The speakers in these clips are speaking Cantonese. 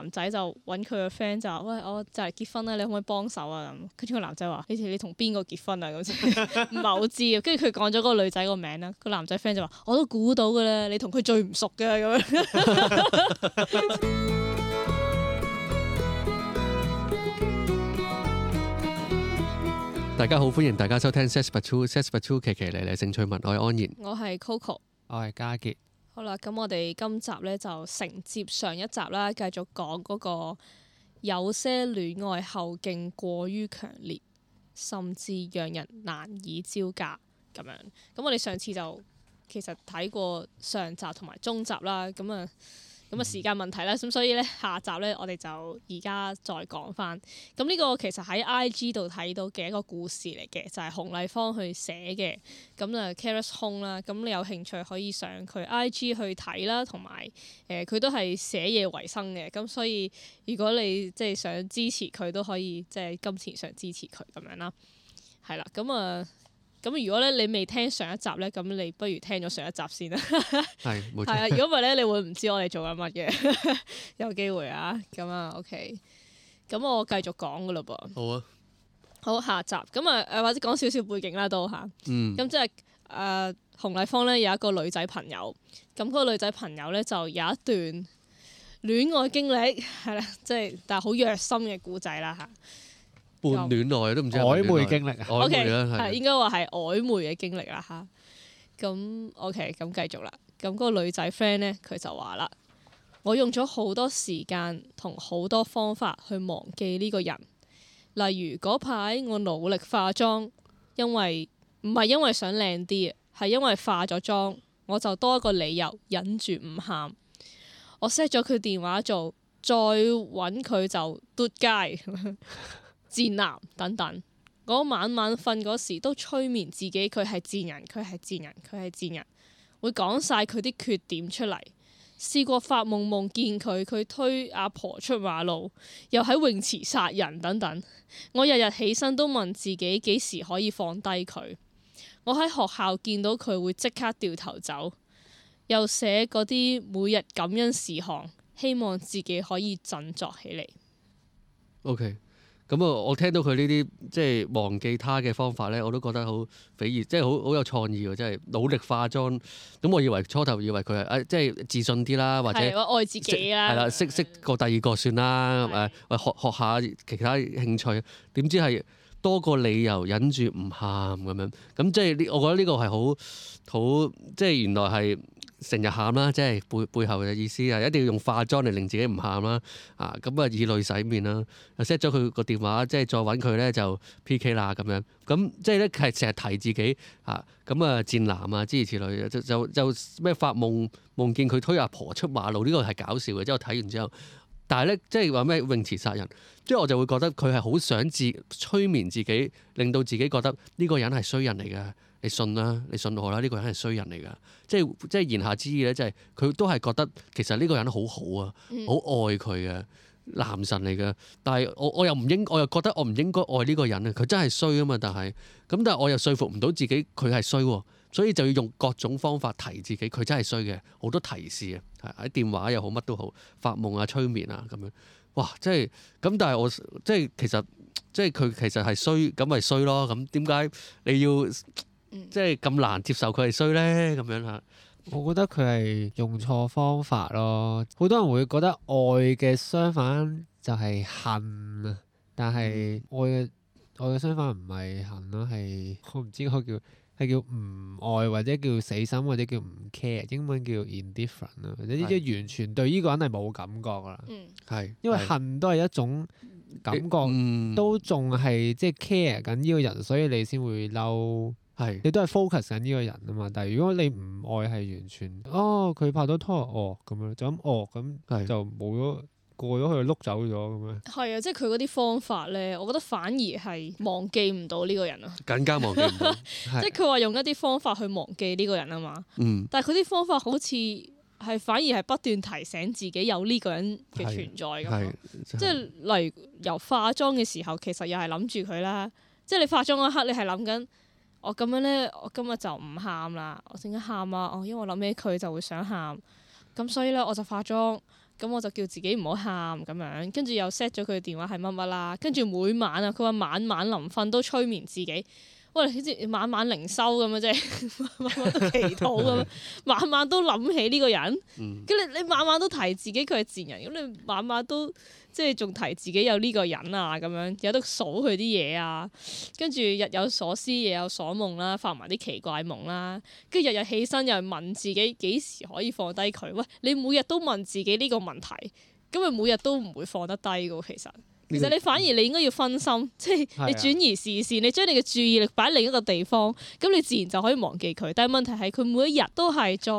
男仔就揾佢個 friend 就話：喂，我就嚟結婚啦，你可唔可以幫手啊？咁跟住個男仔話：以你同邊個結婚啊？咁先唔係好知，跟住佢講咗嗰個女仔個名啦。個男仔 friend 就話：我都估到㗎啦，你同佢最唔熟嘅，咁樣。 大家好，歡迎大家收聽《Sex But True》，《Sex But True》，奇奇嚟，咧，性趣文愛安然。我係 Coco，我係家傑。好啦，咁我哋今集呢就承接上一集啦，繼續講嗰個有些戀愛後勁過於強烈，甚至讓人難以招架咁樣。咁我哋上次就其實睇過上集同埋中集啦，咁啊～咁啊，時間問題啦，咁所以咧，下集咧，我哋就而家再講返。咁呢個其實喺 I G 度睇到嘅一個故事嚟嘅，就係、是、洪麗芳去寫嘅。咁啊，Caris Home 啦，咁你有興趣可以上佢 I G 去睇啦，同埋誒，佢、呃、都係寫嘢為生嘅。咁所以如果你即係想支持佢，都可以即係、就是、金錢上支持佢咁樣啦。係啦，咁啊。呃咁如果咧你未聽上一集咧，咁你不如聽咗上一集先啦。係，啊，如果唔係咧，你會唔知我哋做緊乜嘢？ 有機會啊，咁啊，OK。咁我繼續講噶嘞噃。好啊。好，下集咁啊，誒、呃、或者講少少背景啦，都。吓，嗯。咁即係誒、呃、洪麗芳咧有一個女仔朋友，咁嗰個女仔朋友咧就有一段戀愛經歷，係啦，即係但係好虐心嘅故仔啦嚇。半戀愛都唔知曖昧經歷啊。O K，係應該話係曖昧嘅經歷啦。嚇咁 O K，咁繼續啦。咁、那、嗰個女仔 friend 呢佢就話啦：我用咗好多時間同好多方法去忘記呢個人，例如嗰排我努力化妝，因為唔係因為想靚啲啊，係因為化咗妝我就多一個理由忍住唔喊。我 set 咗佢電話做，再揾佢就嘟街。 賤男等等，我晚晚瞓嗰時都催眠自己，佢係賤人，佢係賤人，佢係賤人，會講晒佢啲缺點出嚟。試過發夢夢見佢，佢推阿婆出馬路，又喺泳池殺人等等。我日日起身都問自己幾時可以放低佢。我喺學校見到佢會即刻掉頭走，又寫嗰啲每日感恩事項，希望自己可以振作起嚟。OK 咁啊！我聽到佢呢啲即係忘記他嘅、就是、方法咧，我都覺得好匪夷，即係好好有創意喎！真、就、係、是、努力化妝，咁我以為初頭以為佢係誒，即、哎、係、就是、自信啲啦，或者愛自己啦，係啦，識識個第二個算啦，誒，學學下其他興趣，點知係多個理由忍住唔喊咁樣，咁即係我覺得呢個係好好，即係原來係。成日喊啦，即係背背後嘅意思啊！一定要用化妝嚟令自己唔喊啦，啊咁啊以、啊、淚洗面啦，set 咗佢個電話，即係再揾佢咧就 PK 啦咁樣。咁、啊、即係咧佢係成日提自己啊，咁啊賤男啊諸如此類，就就就咩發夢夢見佢推阿婆出馬路呢個係搞笑嘅，即係我睇完之後。但係咧即係話咩泳池殺人，即係我就會覺得佢係好想自催眠自己，令到自己覺得呢個人係衰人嚟嘅。你信啦，你信我啦，呢、這個人係衰人嚟㗎，即係即係言下之意咧，就係佢都係覺得其實呢個人好好啊，好、嗯、愛佢嘅男神嚟嘅，但係我我又唔應，我又覺得我唔應該愛呢個人啊，佢真係衰啊嘛，但係咁但係我又說服唔到自己佢係衰喎，所以就要用各種方法提自己，佢真係衰嘅，好多提示啊，喺電話又好，乜都好，發夢啊、催眠啊咁樣，哇，即係咁但係我即係其實即係佢其實係衰，咁咪衰咯，咁點解你要？即係咁難接受佢係衰咧，咁樣吓，我覺得佢係用錯方法咯。好多人會覺得愛嘅相反就係恨啊，但係愛嘅愛嘅相反唔係恨咯，係我唔知嗰個叫係叫唔愛或者叫死心或者叫唔 care，英文叫 indifferent 啦，或者呢啲完全對呢個人係冇感覺噶啦。係是因為恨都係一種感覺，嗯嗯、都仲係即係 care 緊呢個人，所以你先會嬲。係，你都係 focus 緊呢個人啊嘛。但係如果你唔愛係完全哦，佢拍咗拖哦咁樣，就、哦、咁，哦咁就冇咗過咗去碌走咗咁樣。係啊的，即係佢嗰啲方法咧，我覺得反而係忘記唔到呢個人啊，更加忘記唔到 的即係佢話用一啲方法去忘記呢個人啊嘛。嗯、但係佢啲方法好似係反而係不斷提醒自己有呢個人嘅存在咁。即係例如由化妝嘅時候，其實又係諗住佢啦。即係你化妝嗰刻，你係諗緊。我咁樣咧，我今日就唔喊啦。我陣間喊啊？我、哦、因為我諗起佢就會想喊。咁所以咧，我就化妝。咁我就叫自己唔好喊咁樣。跟住又 set 咗佢嘅電話係乜乜啦。跟住每晚啊，佢話晚晚臨瞓都催眠自己。喂，好似晚晚靈修咁啊，即係晚晚都祈禱咁，晚晚都諗起呢個人，咁 你你晚晚都提自己佢係賤人，咁你晚晚都即係仲提自己有呢個人啊咁樣，有得數佢啲嘢啊，跟住日有所思夜有所夢啦，發埋啲奇怪夢啦，跟住日日起身又問自己幾時可以放低佢？喂，你每日都問自己呢個問題，咁你每日都唔會放得低噶喎，其實。其實你反而你應該要分心，即係你轉移視線，啊、你將你嘅注意力擺喺另一個地方，咁你自然就可以忘記佢。但係問題係佢每一日都係再，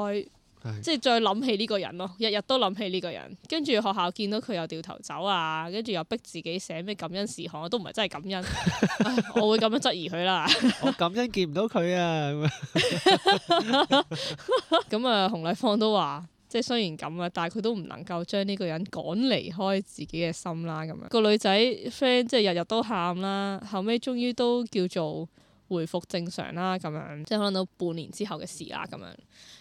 啊、即係再諗起呢個人咯，日日都諗起呢個人。跟住學校見到佢又掉頭走啊，跟住又逼自己寫咩感恩事行啊，都唔係真係感恩。 我會咁樣質疑佢啦。 我感恩見唔到佢啊。咁 啊、 呃，洪麗芳都話。即係雖然咁啊，但係佢都唔能夠將呢個人趕離開自己嘅心啦。咁樣個女仔 friend 即係日日都喊啦，後尾終於都叫做回復正常啦。咁樣即係可能都半年之後嘅事啦。咁樣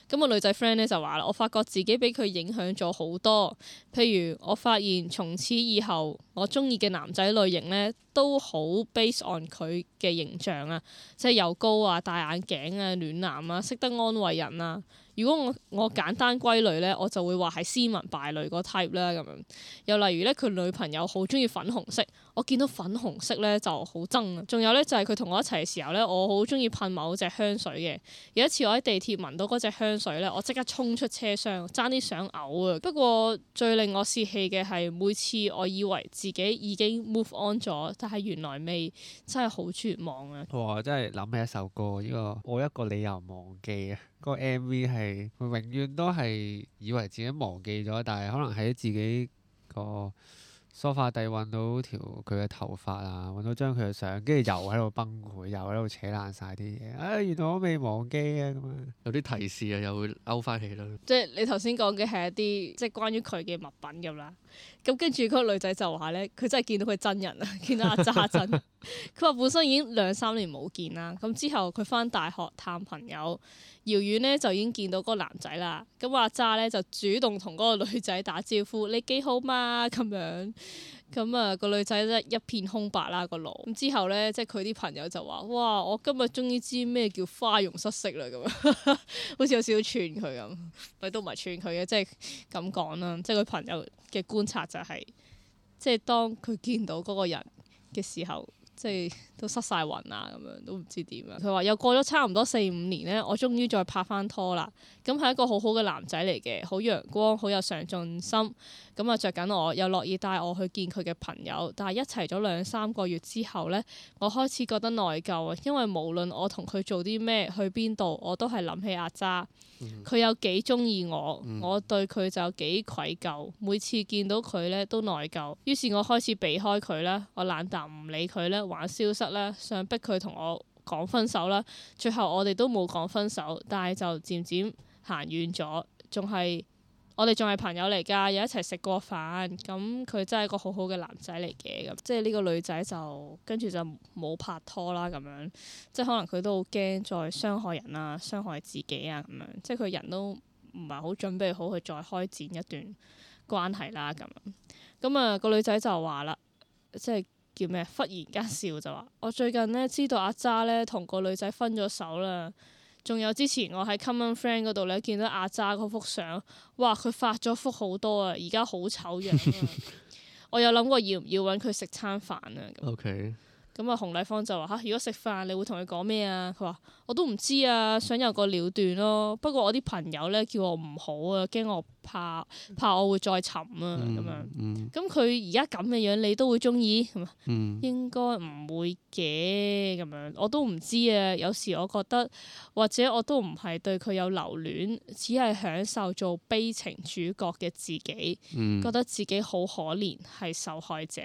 咁個女仔 friend 咧就話啦：我發覺自己俾佢影響咗好多。譬如我發現從此以後，我中意嘅男仔類型咧都好 base on 佢嘅形象啊，即係又高啊、戴眼鏡啊、暖男啊、識得安慰人啊。如果我我簡單歸類咧，我就會話係斯文敗類個 type 啦咁樣。又例如咧，佢女朋友好鍾意粉紅色。我見到粉紅色咧就好憎，仲有咧就係佢同我一齊嘅時候咧，我好中意噴某隻香水嘅。有一次我喺地鐵聞到嗰隻香水咧，我即刻衝出車廂，爭啲想嘔啊！不過最令我泄氣嘅係每次我以為自己已經 move on 咗，但係原來未，真係好絕望啊！哇！真係諗起一首歌，呢個我一個理由忘記啊！個 MV 係永遠都係以為自己忘記咗，但係可能喺自己個。梳化地揾到條佢嘅頭髮啊，揾到張佢嘅相，跟住又喺度崩潰，又喺度扯爛晒啲嘢。啊，原來我未忘記啊！咁啊，有啲提示啊，又會勾翻起咯。即係你頭先講嘅係一啲，即係關於佢嘅物品咁啦。咁跟住嗰個女仔就話呢，佢真係見到佢真人啊，見到阿渣真。佢話 本身已經兩三年冇見啦，咁之後佢翻大學探朋友，遙遠呢就已經見到嗰個男仔啦。咁阿渣呢就主動同嗰個女仔打招呼，你幾好嘛咁樣。咁啊，嗯個女仔呢一片空白啦、個腦。咁之後呢，即係佢啲朋友就話，哇！我今日終於知咩叫花容失色啦，咁樣呵呵好似有少少串佢咁，但都唔係串佢嘅，即係咁講啦。即係佢朋友嘅觀察就係、是，即係當佢見到嗰個人嘅時候，即係都失晒魂啊，咁樣都唔知點啊。佢話又過咗差唔多四五年呢，我終於再拍翻拖啦。咁係一個好好嘅男仔嚟嘅，好陽光，好有上進心。咁啊，着緊我，又樂意帶我去見佢嘅朋友。但係一齊咗兩三個月之後呢，我開始覺得內疚啊。因為無論我同佢做啲咩，去邊度，我都係諗起阿渣。佢、嗯、有幾中意我，我對佢就幾愧疚。每次見到佢呢，都內疚。於是，我開始避開佢啦，我懶答唔理佢咧。玩消失啦，想逼佢同我講分手啦。最後我哋都冇講分手，但係就漸漸行遠咗。仲係我哋仲係朋友嚟㗎，又一齊食過飯。咁佢真係一個好好嘅男仔嚟嘅，咁即係呢個女仔就跟住就冇拍拖啦。咁樣即係可能佢都好驚再傷害人啊，傷害自己啊。咁樣即係佢人都唔係好準備好去再開展一段關係啦。咁咁啊個女仔就話啦，即係。叫咩？忽然間笑就話，我最近呢，知道阿渣呢同個女仔分咗手啦。仲有之前我喺 Common Friend 嗰度呢，見到阿渣嗰幅相，哇！佢發咗福好多啊，而家好醜樣。我有諗過要唔要揾佢食餐飯啊？OK。咁啊，洪麗芳就話吓，如果食飯，你會同佢講咩啊？佢話我都唔知啊，想有個了斷咯。不過我啲朋友咧叫我唔好啊，驚我怕怕我會再沉啊咁、嗯嗯、樣。咁佢而家咁嘅樣，你都會中意？嗯、應該唔會嘅咁樣。我都唔知啊。有時我覺得，或者我都唔係對佢有留戀，只係享受做悲情主角嘅自己，嗯、覺得自己好可憐，係受害者，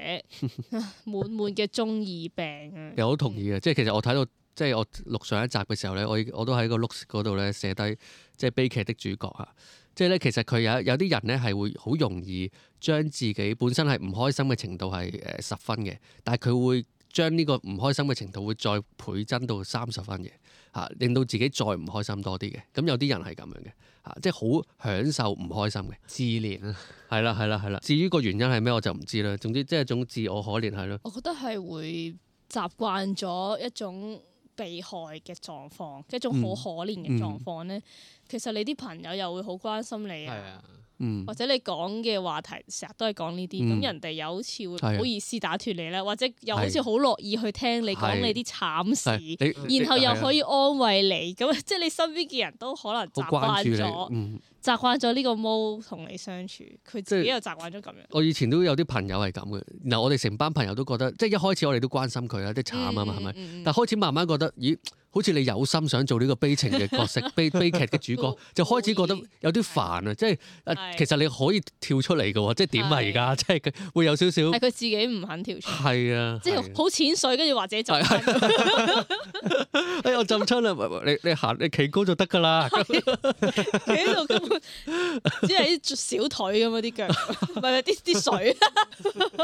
滿滿嘅中二病。 滿滿病。又好同意嘅，即係其實我睇到，即係我錄上一集嘅時候咧，我我都喺個 look 嗰度咧寫低，即係悲劇的主角啊，即係咧其實佢有有啲人咧係會好容易將自己本身係唔開心嘅程度係誒、呃、十分嘅，但係佢會將呢個唔開心嘅程度會再倍增到三十分嘅吓、啊，令到自己再唔開心多啲嘅，咁有啲人係咁樣嘅吓、啊，即係好享受唔開心嘅自憐戀啊，係啦係啦係啦，至於個原因係咩我就唔知啦，總之即係一種自我可憐係咯。我覺得係會。習慣咗一種被害嘅狀況，一種好可憐嘅狀況呢，嗯，其實你啲朋友又會好關心你啊。嗯嗯嗯、或者你講嘅話題成日都係講呢啲，咁、嗯、人哋又好似會唔好意思打斷你啦，的或者又好似好樂意去聽你講你啲慘事，的然後又可以安慰你，咁即係你身邊嘅人都可能習慣咗，嗯、習慣咗呢個 mode 同你相處，佢自己又習慣咗咁樣。我以前都有啲朋友係咁嘅，然後我哋成班朋友都覺得，即係一開始我哋都關心佢啦，啲慘啊嘛係咪？但係開始慢慢覺得，咦？好似你有心想做呢個悲情嘅角色，悲悲劇嘅主角，就開始覺得有啲煩啊！即係其實你可以跳出嚟嘅喎，即係點啊而家？即係會有少少係佢自己唔肯跳出嚟。係啊，即係好淺水，跟住或者就哎，我浸親啦，你你行你企高就得㗎啦，企喺度根本只係啲小腿咁啊啲腳，唔係啲啲水。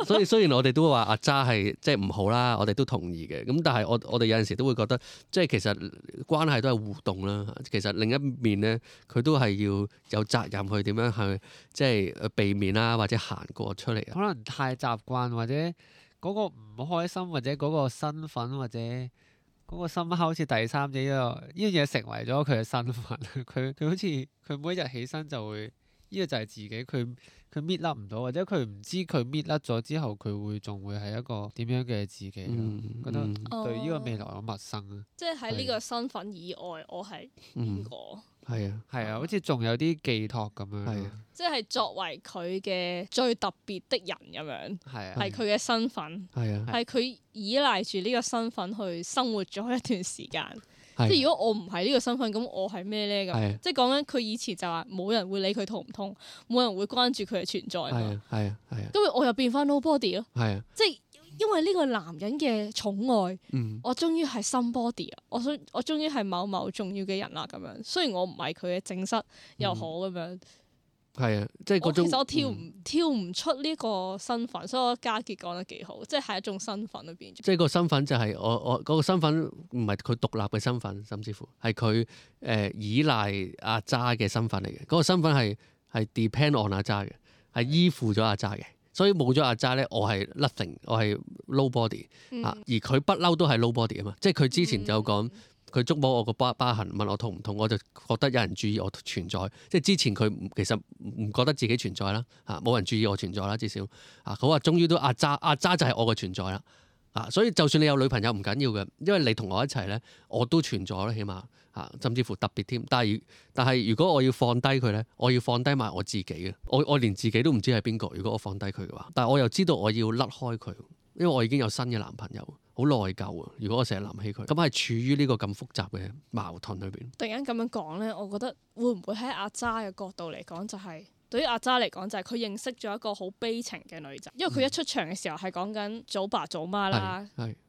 所以雖然我哋都會話阿渣係即係唔好啦，我哋都同意嘅。咁但係我我哋有陣時都會覺得即係其其實關係都係互動啦。其實另一面咧，佢都係要有責任去點樣去，即係避免啦，或者行過出嚟。可能太習慣，或者嗰個唔開心，或者嗰個身份，或者嗰個心好似第三者呢個呢樣嘢成為咗佢嘅身份。佢佢好似佢每一日起身就會。呢個就係自己，佢佢搣甩唔到，或者佢唔知佢搣甩咗之後，佢會仲會係一個點樣嘅自己咯？嗯、覺得對呢個未來好陌生啊！哦、即係喺呢個身份以外，啊、我係邊個？係、嗯、啊係啊，好似仲有啲寄託咁樣，即係作為佢嘅最特別的人咁樣，係啊，係佢嘅身份，係啊，係佢、啊、依賴住呢個身份去生活咗一段時間。即係如果我唔係呢個身份，咁我係咩咧？咁的即係講緊佢以前就話冇人會理佢痛唔痛，冇人會關注佢嘅存在。係係。咁我又變翻 nobody 咯。的即係因為呢個男人嘅寵愛、嗯我，我終於係 somebody 啊！我想我終於係某某重要嘅人啦。咁樣雖然我唔係佢嘅正室，又好咁樣。係啊，即係嗰、哦、其實我跳唔、嗯、跳唔出呢個身份，所以我家傑講得幾好，即係係一種身份裏邊。即係個身份就係、是、我我嗰、那個身份唔係佢獨立嘅身份，甚至乎係佢誒依賴阿渣嘅身份嚟嘅。嗰、那個身份係係 depend on 阿渣嘅，係依附咗阿渣嘅。所以冇咗阿渣咧，我係 nothing，我係 nobody 啊、嗯。而佢不嬲都係 nobody 啊嘛。即係佢之前就講。嗯佢捉摸我個疤疤痕，問我痛唔痛？我就覺得有人注意我存在。即係之前佢其實唔覺得自己存在啦，嚇冇人注意我存在啦，至少啊，佢話終於都阿渣阿渣就係我嘅存在啦，啊！所以就算你有女朋友唔緊要嘅，因為你同我一齊咧，我都存在啦，起碼啊，甚至乎特別添。但係但係如果我要放低佢咧，我要放低埋我自己嘅，我我連自己都唔知係邊個。如果我放低佢嘅話，但我又知道我要甩開佢，因為我已經有新嘅男朋友。好內疚啊！如果我成日諗起佢，咁係處於呢個咁複雜嘅矛盾裏邊。突然間咁樣講呢，我覺得會唔會喺阿渣嘅角度嚟講、就係，就係對於阿渣嚟講，就係佢認識咗一個好悲情嘅女仔，因為佢一出場嘅時候係講緊早爸早媽啦，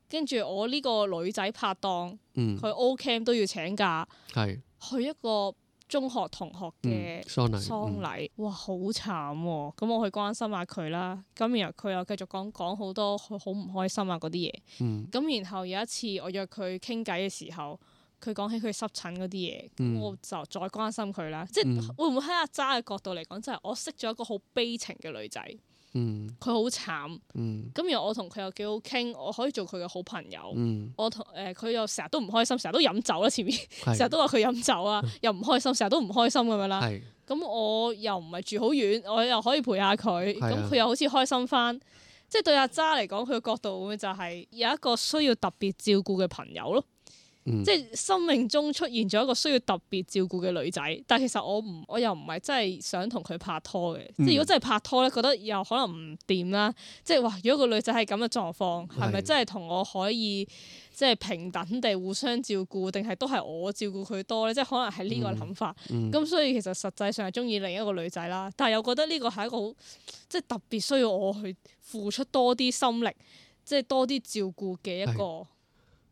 跟住、嗯、我呢個女仔拍檔，佢、嗯、O cam 都要請假，嗯、去一個。中學同學嘅喪禮，嗯、喪禮嗯、哇，好慘喎、啊！咁我去關心下佢啦。咁然後佢又繼續講講好多佢好唔開心啊、嗰啲嘢。咁、嗯、然後有一次我約佢傾偈嘅時候，佢講起佢濕疹嗰啲嘢，我就再關心佢啦。嗯、即係、嗯、會唔會喺阿渣嘅角度嚟講，真係我識咗一個好悲情嘅女仔？佢好慘，咁而我同佢又幾好傾，我可以做佢嘅好朋友，嗯、我同佢、呃、又成日都唔開心，成日都飲酒啦前面，成日係都話佢飲酒啊，又唔開心，成日都唔開心咁樣啦，咁係我又唔係住好遠，我又可以陪下佢，咁佢係又好似開心翻，即係係對阿渣嚟講，佢嘅角度就係有一個需要特別照顧嘅朋友咯。嗯、即係生命中出現咗一個需要特別照顧嘅女仔，但係其實我唔，我又唔係真係想同佢拍拖嘅。嗯、即係如果真係拍拖咧，覺得又可能唔掂啦。即係話，如果個女仔係咁嘅狀況，係咪真係同我可以即係、就是、平等地互相照顧，定係都係我照顧佢多咧？即係可能係呢個諗法。咁、嗯嗯、所以其實實際上係中意另一個女仔啦，但係又覺得呢個係一個好即係特別需要我去付出多啲心力，即係多啲照顧嘅一個。嗯嗯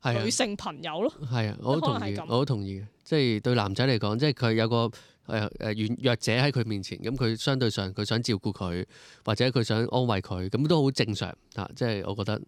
是啊、女性朋友咯，係啊，我好同意，我好同意嘅，即係對男仔嚟講，即係佢有個誒誒軟弱者喺佢面前，咁佢相對上佢想照顧佢，或者佢想安慰佢，咁都好正常啊！即係我覺得，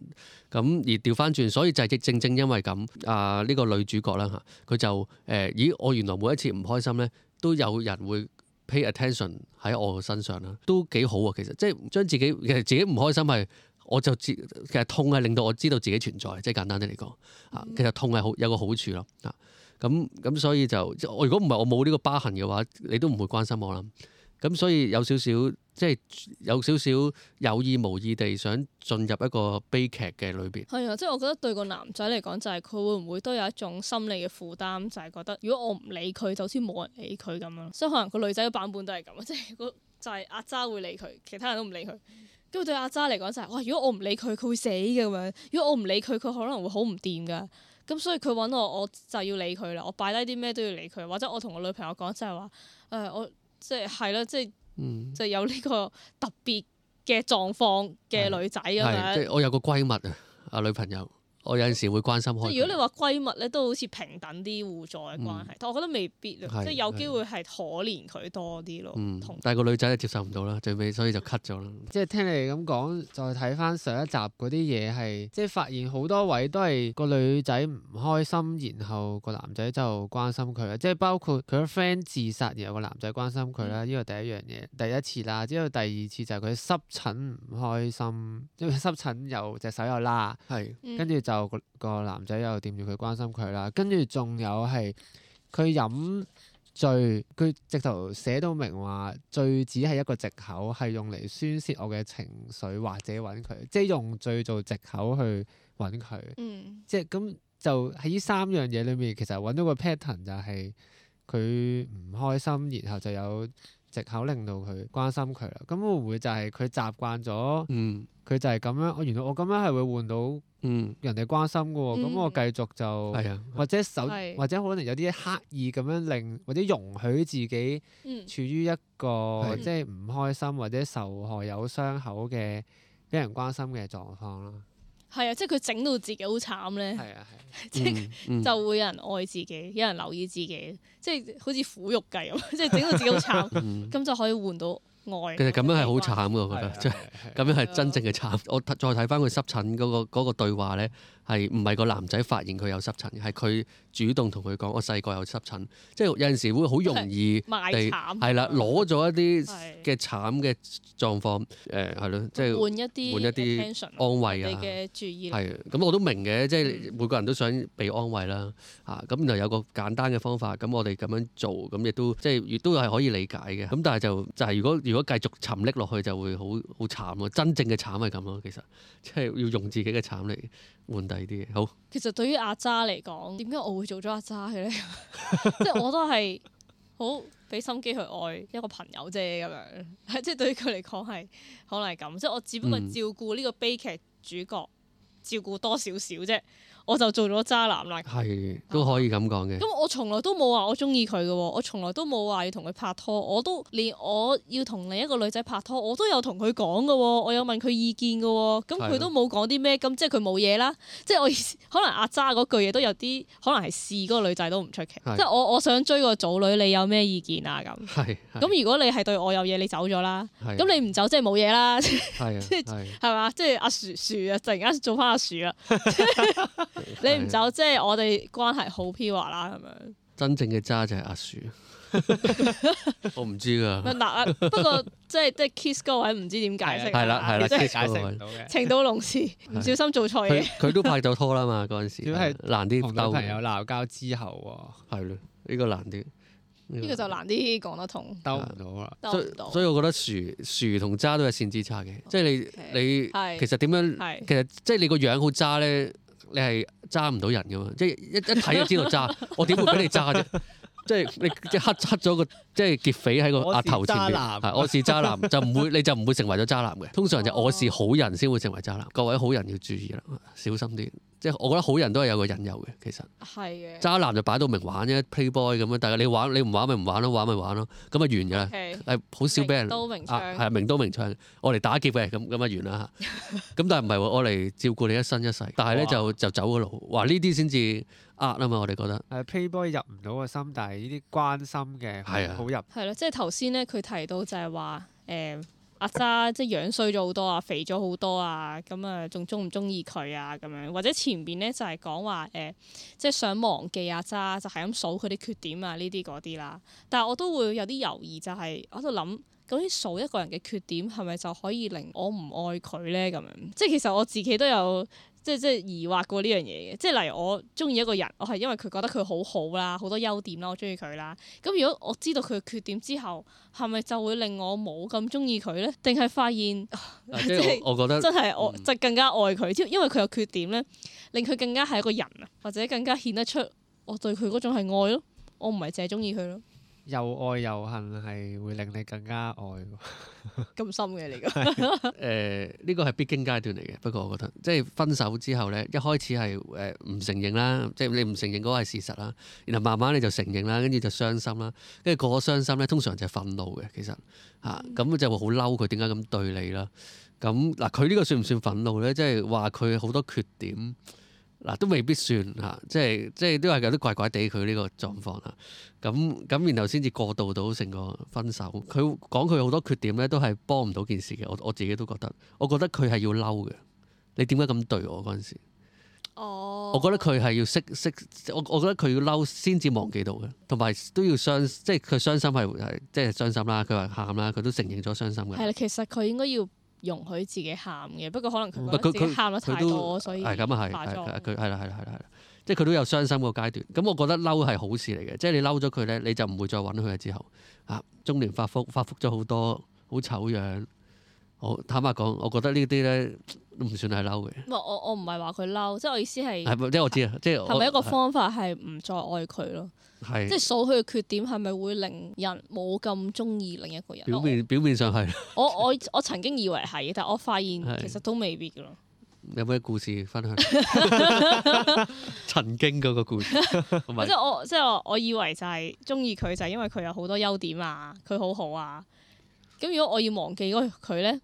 咁而調翻轉，所以就係正正因為咁啊呢個女主角啦吓，佢就誒，咦我原來每一次唔開心咧，都有人會 pay attention 喺我身上啦，都幾好啊！其實即係將自己其實自己唔開心係。我就知，其實痛係令到我知道自己存在，即係簡單啲嚟講，啊，其實痛係好有個好處咯，啊，咁咁所以就，我如果唔係我冇呢個疤痕嘅話，你都唔會關心我啦。咁所以有少少，即係有少少有意無意地想進入一個悲劇嘅裏邊。係啊，即係我覺得對個男仔嚟講就係佢會唔會都有一種心理嘅負擔，就係覺得如果我唔理佢，就好似冇人理佢咁樣。所以可能個女仔嘅版本都係咁，即係就係阿渣會理佢，其他人都唔理佢。咁對阿渣嚟講就係、是，哇！如果我唔理佢，佢會死嘅咁樣。如果我唔理佢，佢可能會好唔掂噶。咁所以佢搵我，我就要理佢啦。我擺低啲咩都要理佢，或者我同我女朋友講就係話，誒、呃，我即係係咯，即係就是就是，有呢個特別嘅狀況嘅女仔咁樣。係，我有個閨蜜啊，阿女朋友。我有陣時會關心，即係如果你話閨蜜咧，都好似平等啲互助嘅關係，嗯、但我覺得未必是即係有機會係可憐佢多啲咯。嗯，同情但係個女仔就接受唔到啦，最尾所以就 cut 咗啦。 即係聽你哋咁講，再睇翻上一集嗰啲嘢係，即係發現好多位都係個女仔唔開心，然後個男仔就關心佢。即係包括佢個 friend 自殺，然後個男仔關心佢啦。呢個、嗯、第一樣嘢，第一次啦。之後第二次就係佢濕疹唔開心，因為濕疹又隻手又拉，係是、嗯、跟住就。又有個男仔又掂住佢關心佢啦，跟住仲有係佢飲醉，佢直頭寫到明話醉只係一個藉口，係用嚟宣泄我嘅情緒或者揾佢，即係用醉做藉口去揾佢。嗯，即係咁就喺呢三樣嘢裏面，其實揾到個 pattern 就係佢唔開心，然後就有藉口令到佢關心佢啦，咁會唔會就係佢習慣咗？佢、嗯、就係咁樣，原來我咁樣係會換到人哋關心㗎喎，咁、嗯、我繼續就、嗯、或者手的或者可能有啲刻意咁樣令或者容許自己處於一個即係唔開心或者受害有傷口嘅俾人關心嘅狀況啦。係啊，即係佢整到自己好慘咧，即係、啊嗯、 就會有人愛自己，嗯、有人留意自己，嗯、即係好似苦肉計咁， 即係整到自己好慘，咁、嗯、就可以換到愛。其實咁樣係好慘噶，啊、我覺得，即係咁樣係真正嘅慘。啊、我再睇翻佢濕疹嗰、嗰個嗰、嗰個對話咧。係唔係個男仔發現佢有濕疹？係佢主動同佢講：我細個有濕疹，即係有陣時會好容易係啦，攞咗賣慘一啲嘅慘嘅狀況。誒係咯，即係換一啲換一啲安慰啊嘅注意。係咁，我都明嘅，即係每個人都想被安慰啦。嚇、啊、咁，然後有個簡單嘅方法，咁我哋咁樣做，咁亦都即係亦都係可以理解嘅。咁但係就就係、係、如果如果繼續沉溺落去，就會好好慘咯。真正嘅慘係咁咯，其實即係要用自己嘅慘嚟換。好。其實對於阿渣嚟講，點解我會做咗阿渣嘅咧？即 係我都係好俾心機去愛一個朋友啫，咁 樣，即係對於佢嚟講係可能係咁。即係我只不過照顧呢個悲劇主角，照顧多少少啫。我就做咗渣男啦，係都可以咁講嘅。咁我從來都冇話我中意佢嘅，我從來都冇話要同佢拍拖，我都連我要同另一個女仔拍拖，我都有同佢講嘅，我有問佢意見嘅，咁佢都冇講啲咩，咁即係佢冇嘢啦。即係我可能阿渣嗰句嘢都有啲可能係試嗰個女仔都唔出奇。即係我我想追個組女，你有咩意見啊？咁，咁如果你係對我有嘢，你走咗啦。咁你唔走即係冇嘢啦。係啊，係嘛？即係阿樹樹啊，突然間做返阿樹啦。你唔走，即係我哋關係好飄滑啦咁樣。真正嘅渣就係阿樹，我唔知噶。不過即係即係 Kiss 各位唔知點解釋。係啦係啦，即係解釋到嘅。情到濃時，唔小心做錯嘢。佢都拍咗拖啦嘛，嗰陣時。係難啲，同朋友鬧交之後啊，係咯，呢個難啲。呢個就難啲講得通，兜唔到啦。所以所以我覺得樹樹同渣都一線之差嘅，即係你你其實點樣？其實即係你個樣好渣咧。你係揸唔到人噶嘛？即係一一睇就知道揸， 我點會俾你揸啫？ 即係你即係黑黑咗個即係劫匪喺個額頭前邊，我是渣男 就唔會你就唔會成為咗渣男嘅。通常就我是好人先會成為渣男，各位好人要注意啦，小心啲。即係我覺得好人都係有個引誘嘅，其實。係的渣男就擺到明玩啫，Playboy 咁樣，但係你玩你唔玩咪唔玩咯，玩咪玩咯，咁咪完㗎。係 Okay。好少俾人。明刀明槍。係啊，明刀明槍，我嚟打劫嘅，咁咁咪完啦。咁 但係唔係我嚟照顧你一生一世，但係咧哇就就走嗰路，哇呢啲先至呃啊嘛，我哋覺得。啊、Playboy 入唔到個心，但係呢啲關心嘅係的好入。係咯，即係頭先咧，佢提到就係話誒。嗯阿渣即係樣衰咗好多啊，肥咗好多啊，咁啊仲鍾唔鍾意佢啊咁樣，或者前邊咧就係講話誒，即係想忘記阿渣，就係咁數佢啲缺點啊呢啲嗰啲啦。但係我都會有啲猶豫，就係我喺度諗，究竟數一個人嘅缺點係咪就可以令我唔愛佢咧？咁樣即係其實我自己都有。即係即係疑惑過呢樣嘢嘅，即係例如我中意一個人，我係因為佢覺得佢好好啦，好多優點啦，我中意佢啦。咁如果我知道佢嘅缺點之後，係咪就會令我冇咁中意佢咧？定係發現、啊、即係我覺得 真係愛，就更加愛佢。嗯、因為佢有缺點咧，令佢更加係一個人啊，或者更加顯得出我對佢嗰種係愛咯。我唔係淨係中意佢咯。又愛又恨係會令你更加愛，咁深嘅嚟講。誒， 呢個係必經階段嚟嘅。不過我覺得，即係分手之後呢，一開始係誒唔承認啦，即係你唔承認嗰個係事實啦。然後慢慢你就承認啦，跟住就傷心啦。跟住過咗傷心呢，通常就係憤怒嘅。其實嚇咁、啊、就會好嬲佢點解咁對你啦。咁、啊、嗱，佢呢個算唔算憤怒呢？即係話佢好多缺點。嗱，都未必算吓，即係即係都係有啲怪怪地，佢呢個狀況啊，咁咁然後先至過渡到成個分手。佢講佢好多缺點咧，都係幫唔到件事嘅。我我自己都覺得，我覺得佢係要嬲嘅。你點解咁對我嗰陣時？哦、oh.，我覺得佢係要識識，我我覺得佢要嬲先至忘記到嘅，同埋都要傷，即係佢傷心係係即係傷心啦。佢話喊啦，佢都承認咗傷心嘅。係啦，其實佢應該要。容許自己喊嘅，不過可能佢覺得自己喊得太多，所以發作。佢係啦，係啦，係啦，即係佢都有傷心嗰階段。咁我覺得嬲係好事嚟嘅，即係你嬲咗佢咧，你就唔會再揾佢啦。之後啊，中年發福，發福咗好多，好醜樣。我坦白講，我覺得呢啲咧。都唔算係嬲嘅。唔係我我唔係話佢嬲，即係我意思係。係即係我知啊，即係。係咪一個方法係唔再愛佢咯？係。即係數佢嘅缺點，係咪會令人冇咁中意另一個人？表面表面上係。我我我曾經以為係，但我發現其實都未必咯。有咩故事分享？ 曾經嗰個故事。 即係我即係我，我以為就係中意佢就係、是、因為佢有好多優點啊，佢好好啊。咁如果我要忘記佢咧？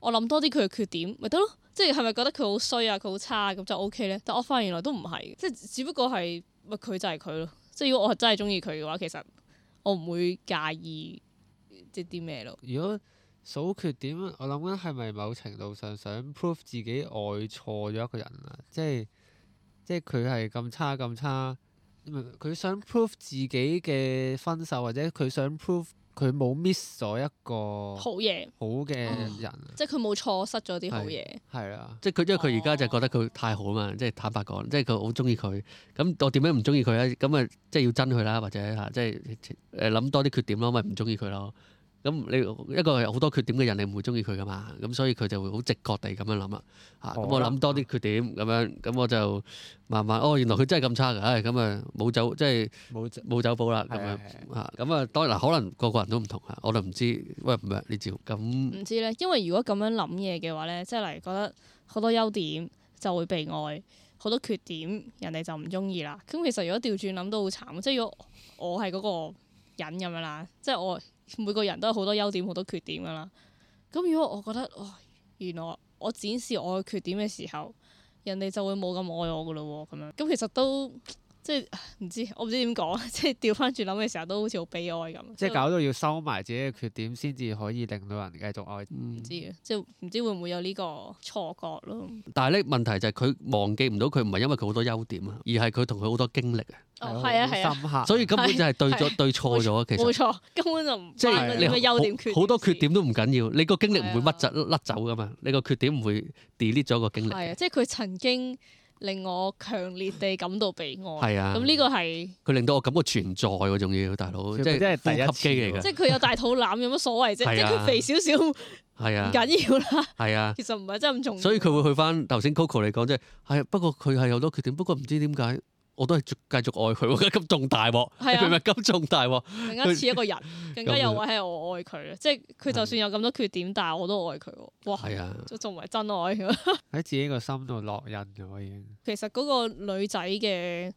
我諗多啲佢嘅缺點，咪得咯？即係係咪覺得佢好衰啊？佢好差咁、啊、就 O K 咧？但我發現原來都唔係，即係只不過係咪佢就係佢咯？即係如果我真係中意佢嘅話，其實我唔會介意即係啲咩咯。如果數缺點，我諗緊係咪某程度上想 prove 自己愛錯咗一個人啊？即係即係佢係咁差咁差，佢想 prove 自己嘅分手，或者佢想 prove。佢冇 miss 咗一個好嘢，好嘅人，即係佢冇錯失咗啲好嘢。係啊，即係佢，因為佢而家就覺得佢太好嘛，哦、即係坦白講，即係佢好中意佢。咁我點解唔中意佢咧？咁咪，即係要憎佢啦，或者嚇，即係誒諗多啲缺點咯，咪唔中意佢咯。咁你一個好多缺點嘅人，你唔會中意佢噶嘛？咁所以佢就會好直覺地咁樣諗啦。啊，咁我諗多啲缺點，咁、哦、樣咁我就慢慢哦，原來佢真係咁差嘅。唉、哎，咁啊冇走，即係冇冇走寶啦。咁是的 樣咁啊是的，當然嗱，可能個個人都唔同啊，我就唔知。喂，唔明呢招咁？唔知咧，因為如果咁樣諗嘢嘅話咧，即係嚟覺得好多優點就會被愛，好多缺點人哋就唔中意啦。咁其實如果調轉諗都好慘，即係如果我係嗰個人咁樣啦，即、就、係、是、我。每個人都有好多優點，好多缺點噶啦，咁如果我覺得，哇，原來我展示我嘅缺點嘅時候，人哋就會冇咁愛我噶嘞，喎，咁樣，咁其實都。即係唔知，我唔知點講。即係調翻轉諗嘅時候，都好似好悲哀咁。即係搞到要收埋自己嘅缺點，先至可以令到人繼續愛。唔知啊，即係唔知會唔會有呢個錯覺咯？但係咧問題就係佢忘記唔到佢，唔係因為佢好多優點啊，而係佢同佢好多經歷啊。哦，係啊，係啊，所以根本就係對咗對錯咗，其實冇錯，根本就唔即係你個優點缺好多缺點都唔緊要，你個經歷唔會乜甩走噶嘛，你個缺點唔會 delete 咗個經歷。係啊，即係佢曾經。令我強烈地感到被愛，係啊！咁呢個係佢令到我感覺存在喎、啊，仲要大佬，即係即係第一級機嚟㗎。即係佢有大肚腩，有乜 所謂啫？即係佢肥少少，係啊，唔緊要啦。係啊，啊其實唔係真係咁重要。所以佢會去翻頭先 Coco 嚟講，即係係不過佢係有好多缺點，不過唔知點解。我都係續繼續愛佢喎，而家咁重大鑊，係咪咁重大鑊？更加似一個人，更加有位係我愛佢咯， 即係佢就算有咁多缺點，的但係我都愛佢喎，哇，就仲唔係真愛喺 自己個心度烙印咗已經。其實嗰個女仔嘅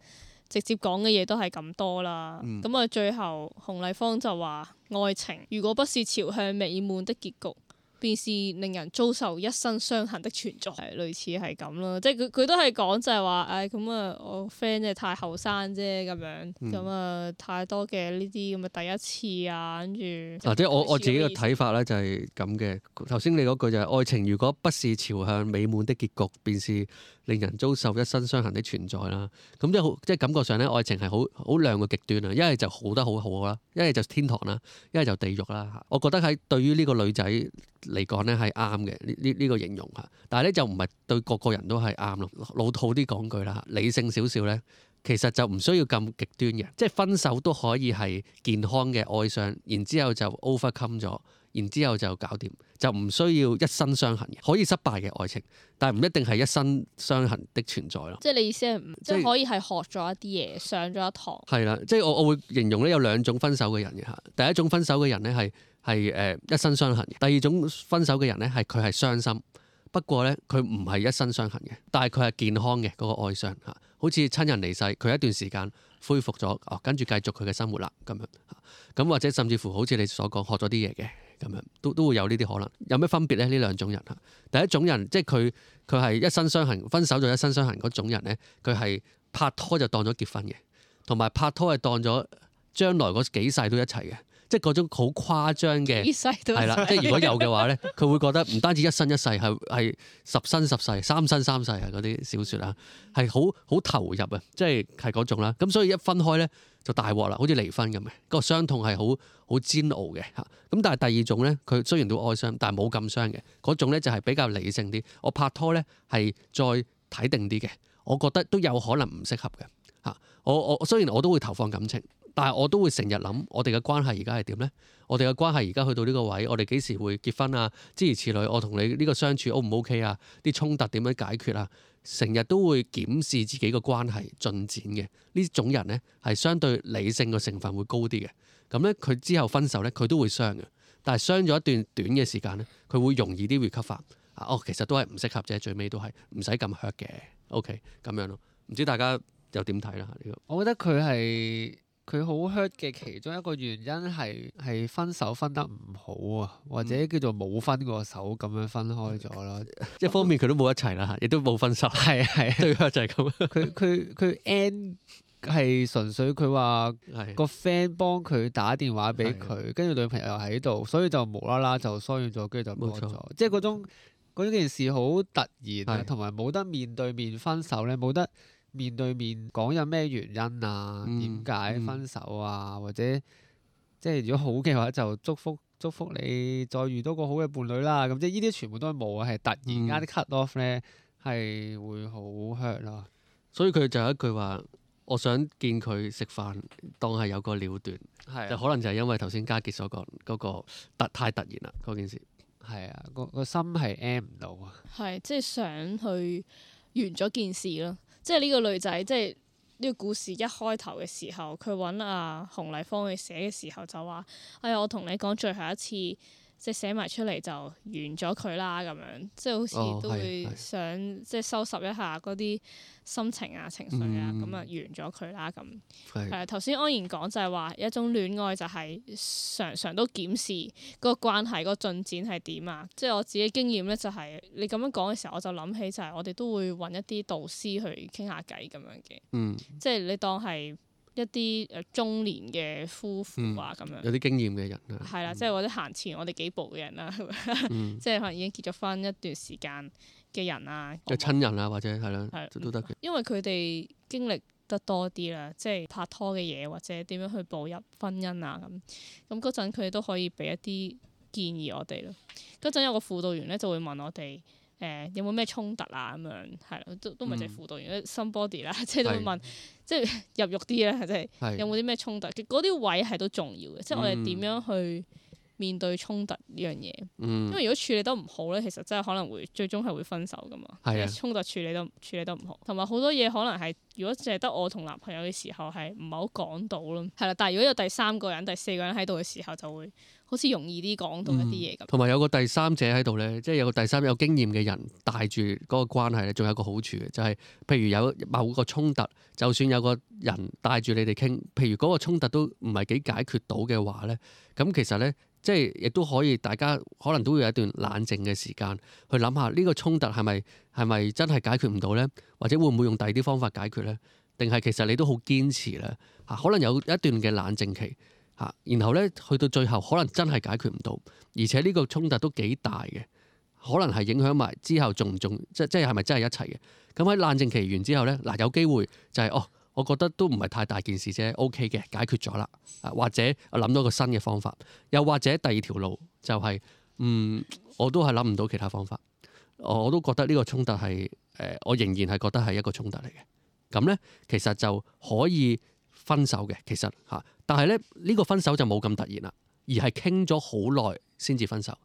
直接講嘅嘢都係咁多啦，咁啊、嗯、最後洪麗芳就話：愛情如果不是朝向美滿的結局便是令人遭受一生傷痕的存在，係類似係咁啦，即係佢佢都係講就係話，唉咁啊，我 friend 即係太後生啫，咁樣，咁啊、嗯、太多嘅呢啲咁嘅第一次啊，跟住嗱，即係我我自己嘅睇法咧，就係咁嘅。頭先你嗰句就係、是、愛情，如果不是朝向美滿的結局，便是。令人遭受一身傷痕的存在啦，咁即係好即係感覺上咧，愛情係好好兩個極端啊！一係就好得好好啦，一係就天堂啦，一係就地獄啦。我覺得喺對於呢個女仔嚟講咧，係啱嘅呢呢呢個形容嚇。但係咧就唔係對個個人都係啱咯。老土啲講句啦，理性少少咧，其實就唔需要咁極端嘅，即係分手都可以係健康嘅愛上，然之後就 overcome 咗。然之後就搞掂，就唔需要一身傷痕嘅。可以失敗嘅愛情，但係唔一定係一身傷痕的存在咯。即係你意思係唔即係可以係學咗一啲嘢，上咗一堂？係啦，即係我我會形容咧有兩種分手嘅人嘅嚇。第一種分手嘅人咧係係誒一身傷痕嘅。第二種分手嘅人咧係佢係傷心，不過咧佢唔係一身傷痕嘅，但係佢係健康嘅嗰個愛傷好似親人離世，佢一段時間恢復咗，哦跟住繼續佢嘅生活啦咁樣嚇。咁或者甚至乎好似你所講學咗啲嘢嘅。咁樣都都會有呢啲可能，有咩分別咧？呢兩種人吓，第一種人即係佢佢係一身傷痕，分手就一身傷痕嗰種人咧，佢係拍拖就當咗結婚嘅，同埋拍拖係當咗將來嗰幾世都一齊嘅，即係嗰種好誇張嘅，係啦，即係如果有嘅話咧，佢會覺得唔單止一生一世，係係十生十世、三生三世啊嗰啲小説啊，係好好投入啊，即係係嗰種啦。咁所以一分開咧。就大鑊啦，好似離婚咁嘅，個傷痛係好好煎熬嘅嚇。咁但係第二種呢，佢雖然都哀傷，但係冇咁傷嘅。嗰種呢就係比較理性啲。我拍拖呢係再睇定啲嘅，我覺得都有可能唔適合嘅嚇。我我雖然我都會投放感情，但係我都會成日諗我哋嘅關係而家係點呢？我哋嘅關係而家去到呢個位，我哋幾時會結婚啊？諸如此類，我同你呢個相處 O 唔 O K 啊？啲衝突點樣解決啊？成日都會檢視自己個關係進展嘅呢種人，呢係相對理性嘅成分會高啲嘅。咁呢，佢之後分手呢，佢都會傷嘅。但係傷咗一段短嘅時間呢，佢會容易啲 recover 翻啊。哦，其實都係唔適合啫，最尾都係唔使咁 hard 嘅。OK，咁樣咯。唔知大家又點睇啦？呢個我覺得佢係佢好 hurt 嘅其中一個原因，係係分手分得唔好啊，或者叫做冇分過手咁樣分開咗咯。嗯、一方面佢都冇一齊啦，亦都冇分手，係係對佢就係咁。佢佢佢 end 係純粹佢話係個 friend 幫佢打電話俾佢，跟住的女朋友喺度，所以就無啦啦就疏遠咗，跟住就冇咗。錯即係嗰種件事好突然啊，同埋冇得面對面分手咧，冇得。面對面講有咩原因啊？點解、嗯、分手啊？嗯、或者即係如果好嘅話，就祝福祝福你再遇到個好嘅伴侶啦。咁即係呢啲全部都係冇、嗯、啊，係突然間啲 cut off 咧，係會好 hurt 咯。所以佢就有一句話，我想見佢食飯，當係有個了斷。係、啊，就可能就係因為頭先家傑所講嗰、嗰個突、嗰個、太突然啦，嗰件事係啊，個個心係 end 唔到啊。係，即、就、係、是、想去完咗件事咯。 即係呢個女仔，即係呢個故事一開頭嘅時候，佢揾啊洪麗芳去寫嘅時候就話：“哎呀，我同你講最後一次。即係寫埋出嚟就完咗佢啦，咁樣即係好似都會想即係收拾一下嗰啲心情啊、情緒啊，咁啊完咗佢啦咁。係頭先安然講就係、是、話一種戀愛就係常常都檢視、嗰個關係、嗰個進展係點啊。即係我自己經驗咧就係、是、你咁樣講嘅時候，我就諗起就係我哋都會揾一啲導師去傾下偈咁樣嘅。嗯、即係你當係。一啲誒中年嘅夫婦啊，咁樣、嗯、有啲經驗嘅人、嗯啊、人啊，係啦、嗯，即係 或者行前我哋幾步嘅人啦，即係可能已經結咗婚一段時間嘅人啊，嘅親人啊，或者係啦、啊嗯，都得嘅，因為佢哋經歷得多啲啦，即係拍拖嘅嘢或者點樣去步入婚姻啊咁咁嗰陣，佢哋都可以俾一啲建議我哋咯。嗰陣有個輔導員咧就會問我哋。誒、呃、有冇咩衝突啊？咁樣係啦，都都唔係淨係輔導員 somebody 啦，即係都會問，的即係入獄啲咧，即係的有冇啲咩衝突？嗰啲位係都重要嘅，嗯、即係我哋點樣去面對衝突呢樣嘢？嗯、因為如果處理得唔好咧，其實真係可能會最終係會分手噶嘛。的衝突處理得處理得唔好，同埋好多嘢可能係如果淨係得我同男朋友嘅時候係唔係好講到咯？係啦，但係如果有第三個人、第四個人喺度嘅時候就會。好似容易啲講到一啲嘢咁，同埋有，有個第三者喺度呢，即係有個第三者有經驗嘅人帶住嗰個關係呢，仲有個好處嘅就係、是，譬如有某個衝突，就算有個人帶住你哋傾，譬如嗰個衝突都唔係幾解決到嘅話呢，咁其實呢，即係亦都可以大家可能都會有一段冷靜嘅時間去諗下呢個衝突係咪係咪真係解決唔到呢，或者會唔會用第二啲方法解決呢？定係其實你都好堅持呢？吓，可能有一段嘅冷靜期。嚇，然後咧，去到最後可能真係解決唔到，而且呢個衝突都幾大嘅，可能係影響埋之後仲唔仲即即係咪真係一齊嘅？咁喺冷靜期完之後咧，嗱，有機會就係、是、哦，我覺得都唔係太大件事啫，OK 嘅解決咗啦，或者諗到個新嘅方法，又或者第二條路就係、是、嗯，我都係諗唔到其他方法，我都覺得呢個衝突係誒、呃，我仍然係覺得係一個衝突嚟嘅。咁咧，其實就可以分手嘅，其實嚇。啊。但係咧，呢個分手就冇咁突然啦，而係傾咗好耐先至分手。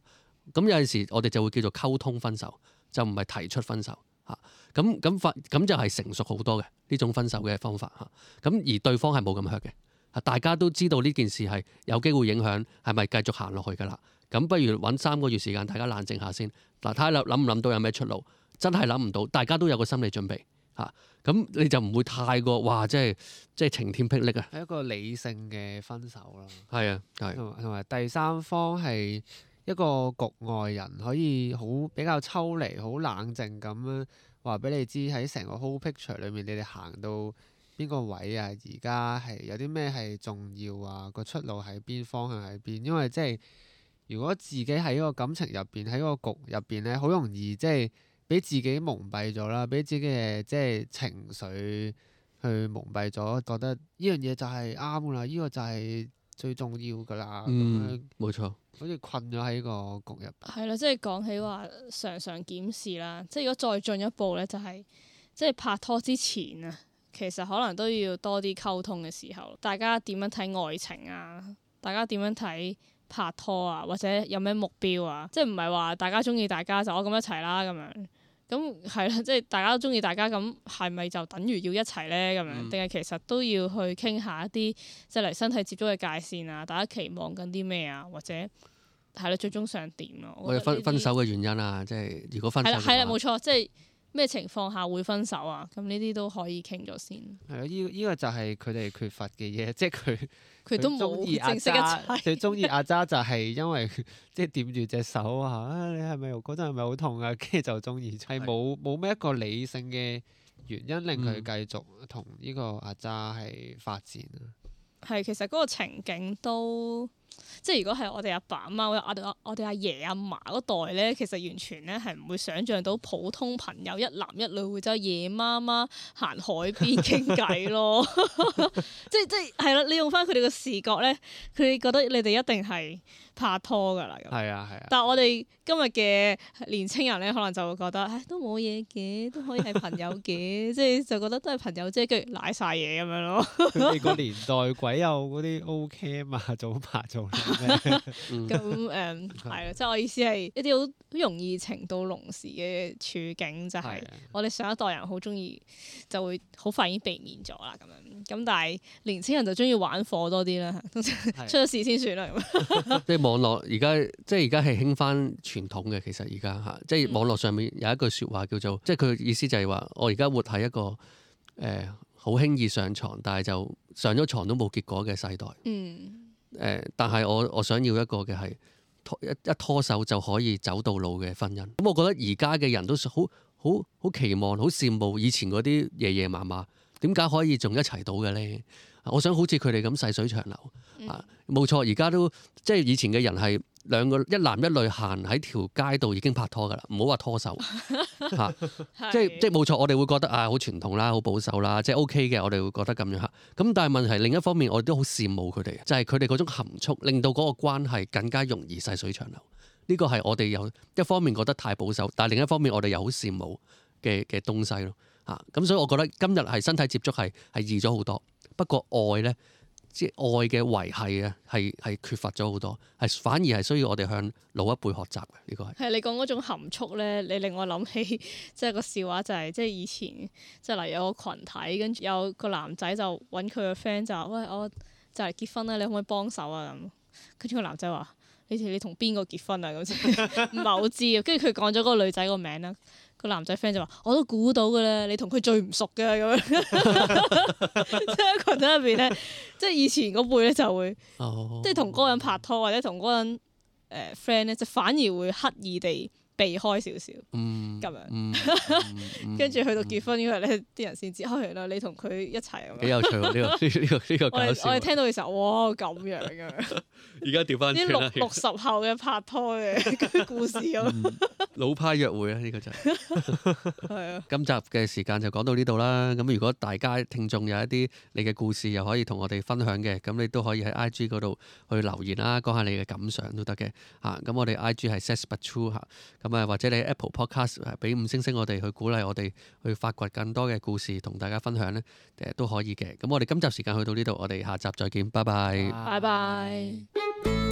咁有陣時我哋就會叫做溝通分手，就唔係提出分手嚇。咁咁發咁就係成熟好多嘅呢種分手嘅方法嚇。咁而對方係冇咁噏嘅，大家都知道呢件事係有機會影響，係咪繼續行落去㗎啦？咁不如揾三個月時間，大家冷靜下先。嗱，睇下諗唔諗到有咩出路。真係諗唔到，大家都有個心理準備。嚇，咁、啊、你就唔會太過哇！即係即係晴天霹靂啊，係一個理性嘅分手咯。係啊，係同埋第三方係一個局外人，可以好比較抽離、好冷靜咁樣話俾你知，喺成個 whole picture 裏面，你哋行到邊個位啊？而家係有啲咩係重要啊？個出路喺邊？方向喺邊？因為即係如果自己喺個感情入邊，喺個局入邊咧，好容易即係。俾自己蒙蔽咗啦，俾自己嘅即係情緒去蒙蔽咗，覺得呢樣嘢就係啱噶啦，呢個就係最重要噶啦。冇錯，好似困咗喺個局入。係啦、嗯，即係講起話常常檢視啦，即係如果再進一步咧，就係即係拍拖之前啊，其實可能都要多啲溝通嘅時候，大家點樣睇愛情啊？大家點樣睇拍拖啊？或者有咩目標啊？即係唔係話大家中意大家就咁一齊啦咁樣。咁係啦，即係大家都中意大家咁，係咪就等於要一齊咧？咁樣定係其實都要去傾下一啲即係嚟身體接觸嘅界線啊！大家期望緊啲咩啊？或者係咯，最終想點咯？我哋分分手嘅原因啊，即係如果分手係啦，係啦，冇錯，即係。咩情況下會分手啊？咁呢啲都可以傾咗先。係咯、這個，依、這、依個就係佢哋缺乏嘅嘢，即係佢佢都中意阿渣，佢中意阿渣就係因為 即係掂住隻手啊，你係咪嗰陣係咪好痛啊？跟住就中意，係冇冇咩一個理性嘅原因令佢繼續同呢個阿渣係發展啊？係、嗯、其實嗰個情景都。即係如果係我哋阿爸阿媽，我哋阿我哋阿爺阿嫲嗰代咧，其實完全咧係唔會想象到普通朋友一男一女會走夜媽媽行海邊傾偈咯。 即係即係係啦，你用翻佢哋嘅視覺咧，佢哋覺得你哋一定係拍拖噶啦。係啊係啊。啊但係我哋今日嘅年青人咧，可能就會覺得，哎、都冇嘢嘅，都可以係朋友嘅， 即係就覺得都係朋友啫，跟住賴晒嘢咁樣咯。你 個年代鬼有嗰啲 O.K. 嘛，早拍咁誒，係咯，即係我意思係一啲好好容易情到濃時嘅處境，就係、是、我哋上一代人好中意，就會好快已經避免咗啦。咁樣咁，但係年青人就中意玩火多啲啦， 出咗事先算啦 即係網絡而家，即係而家係興翻傳統嘅。其實而家吓，即係網絡上面有一句說話叫做，嗯、即係佢意思就係話，我而家活喺一個誒好輕易上床，但係就上咗床都冇結果嘅世代。嗯。但係我我想要一個嘅係一一拖手就可以走到老嘅婚姻。咁我覺得而家嘅人都好好好期望，好羨慕以前嗰啲爺爺嫲嫲，點解可以仲一齊到嘅呢？我想好似佢哋咁細水長流、嗯、冇錯。而家都即係以前嘅人係。兩個一男一女行喺條街度已經拍拖㗎啦，唔好話拖手嚇 是，即係即係冇錯，我哋會覺得啊，好傳統啦，好保守啦，即係 OK 嘅，我哋會覺得咁樣嚇。咁但係問題另一方面，我哋都好羨慕佢哋，就係佢哋嗰種含蓄，令到嗰個關係更加容易細水長流。呢個係我哋有一方面覺得太保守，但係另一方面我哋又好羨慕嘅嘅東西咯嚇。咁、啊、所以我覺得今日係身體接觸係係易咗好多，不過愛咧。即係愛嘅維繫啊，係係缺乏咗好多，係反而係需要我哋向老一輩學習嘅呢個係。係你講嗰種含蓄咧，你令我諗起即係個笑話就係、是，即係以前即係例如有個群體，跟住有個男仔就揾佢個 friend 就話喂，我就嚟結婚啦，你可唔可以幫手啊？咁跟住個男仔話：你你同邊個結婚啊？咁先唔係好知。跟住佢講咗嗰個女仔個名啦。個男仔 friend 就話：我都估到㗎啦，你同佢最唔熟㗎咁樣，即係羣組入邊咧，即係以前嗰輩咧就會，哦、即係同嗰個人拍拖、嗯、或者同嗰個人誒 friend 咧，就、呃、反而會刻意地。避開少少，嗯，咁樣，跟住去到結婚嗰日咧，啲人先知，哦，原來你同佢一齊咁樣。幾有趣啊，呢個呢個呢個我我哋聽到嘅時候，哇，咁樣咁而家調翻啲六六十後嘅拍拖嘅故事咁。老派約會啊，呢個就係。係啊。今集嘅時間就講到呢度啦。咁如果大家聽眾有一啲你嘅故事，又可以同我哋分享嘅，咁你都可以喺 IG 嗰度去留言啦，講下你嘅感想都得嘅。啊，咁我哋 IG 係 sexbuttrue 嚇。或者你 Apple Podcast 俾五星星我哋，去鼓勵我哋去發掘更多嘅故事同大家分享呢，誒、呃、都可以嘅。咁我哋今集時間去到呢度，我哋下集再見，拜拜。拜拜 bye。Bye bye